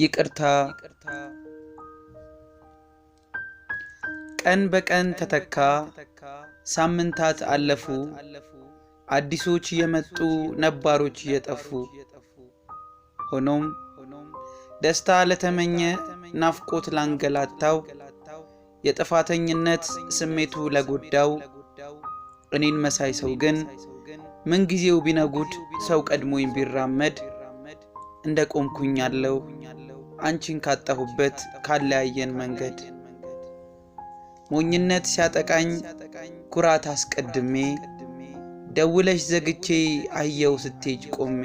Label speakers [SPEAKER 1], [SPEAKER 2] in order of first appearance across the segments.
[SPEAKER 1] ይቅርታ ቀን በቀን ተተካ፣ ሳምንታት አለፉ፣ አዲሶች እየመጡ ነባሮች እየጠፉ። ሆኖም ደስታ ለተመኘ ናፍቆት ላንገላታው የጥፋተኝነት ስሜቱ ለጎዳው እኔን መሳይ ሰው ግን ምንጊዜው ቢነጉድ ሰው ቀድሞኝ ቢራመድ እንደ ቆምኩኝ አለው አንቺን ካጣሁበት ካለያየን መንገድ ሞኝነት ሲያጠቃኝ ኩራት አስቀድሜ ደውለሽ ዘግቼ አየው ስቴጅ ቆሜ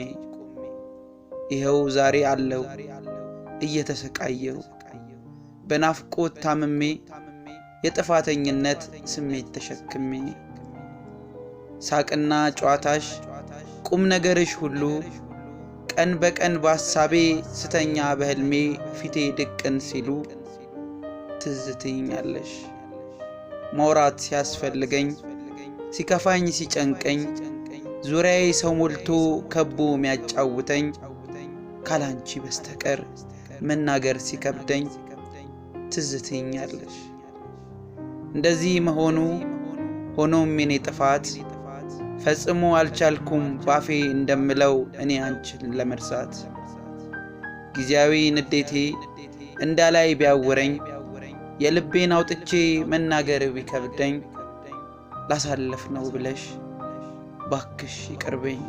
[SPEAKER 1] ይኸው ዛሬ አለው እየተሰቃየው በናፍቆት ታምሜ የጥፋተኝነት ስሜት ተሸክሜ ሳቅና ጨዋታሽ ቁም ነገርሽ ሁሉ ቀን በቀን በሐሳቤ ስተኛ በሕልሜ ፊቴ ድቅን ሲሉ ትዝትኛለሽ። ማውራት ሲያስፈልገኝ ሲከፋኝ ሲጨንቀኝ ዙሪያዬ ሰው ሞልቶ ከቦ የሚያጫውተኝ ካላንቺ በስተቀር መናገር ሲከብደኝ ትዝትኛለሽ። እንደዚህ መሆኑ ሆኖም የኔ ጥፋት ፈጽሞ አልቻልኩም ባፌ እንደምለው እኔ አንቺን ለመርሳት ጊዜያዊ ንዴቴ እንዳላይ ቢያውረኝ የልቤን አውጥቼ መናገር ቢከብደኝ ላሳለፍ ነው ብለሽ
[SPEAKER 2] ባክሽ ይቅርበኝ።